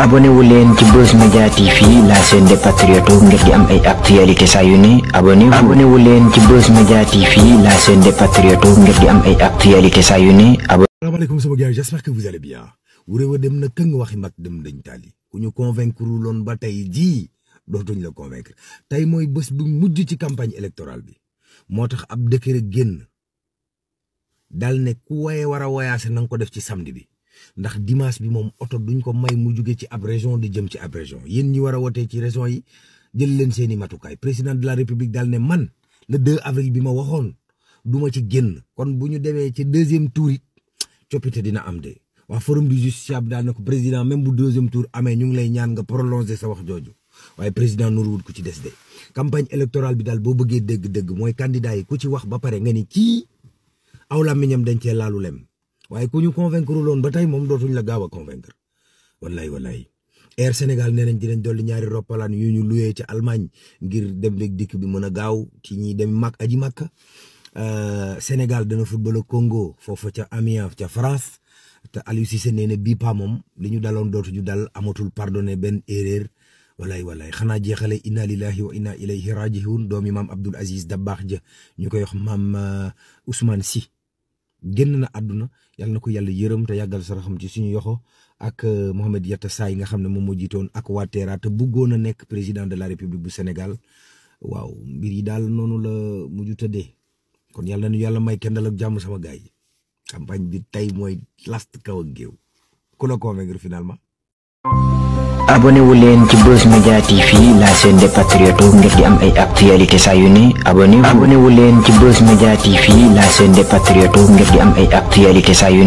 abonné wu leen ci Buzz Media TV la chaîne des patriotes ngir di am ay actualité saa yu ne abonné wu abonné wu leen ci Buzz Media TV la chaîne des di am ay actualité saa yu ne. asalaamaaleykum sama gars j'espère que vous dem na këng waxi mag dem dañ tàlli ku ñu convaincre loon ba tey jii dootuñ la convaincre tey mooy bés bu mujj ci campagne électorale bi moo tax ab décret génn daal ne ku waye war a voyager na ko def ci samedi bi. ndax dimanche bi moom oto duñ ko may mu jugee ci ab région di jëm ci ab région yéen ñi war a wotee ci région yi jël leen seeni matukaay président de la république daal ne man le 2 avril bi ma waxoon du ma ci génn kon bu ñu demee ci deuxième tour it coppite dina am de waa forum du justiciable daal ne ko président même bu deuxième tour amee ñu ngi lay ñaan nga prolonger sa wax jooju waaye président Nourwood ku ci des de campagne électorale bi daal boo bëggee dégg mooy candidat yi ku ci wax ba pare nga ni kii aw làmmiñam dañ cee laalu lem waaye ku ñu convaincre loon ba tey moom dootuñ la gaaw a convaincre wallahi wallahi Air Sénégal nee nañ dinañ dolli ñaari ropalaan yu ñu luwee ci Allemagne ngir dem beeg dikk bi mën a gaaw ci ñi dem mag aji Makka euh, Sénégal dana football Congo foofa ca Amiens ca France te Aliou Cissé nee na bii pa moom li ñu daloon dootuñu dal amatul pardonné benn erreur walaay walaay xanaa jeexale inna lillahi wa inna ilayhi rajiun doomi maam Abdoul Aziz Dabakh ja ñu koy wax maam euh, Ousmane Sy génn na àdduna yàlla na ko yàlla yërëm ta yàggal saraxam ci suñu yoxo ak euh, Mohamed Yatta Saa yi nga xam ne moom moo jiitoon ak waa Teera te bëggoon a nekk président de la république bu Sénégal waaw mbir yi daal noonu la mujj tëddee kon yàlla na yàlla may kenn dal ak jàmm sama gaay yi bi tey mooy last kaw ak géew ku la convaincre abonné wu leen ci Buzz Media TV la chaîne des patriotes ngir di am ay actualité saa yu ne abonné wu abonné wu leen ci Buzz Media TV la chaîne des patriotes ngir di am ay actualité saa yu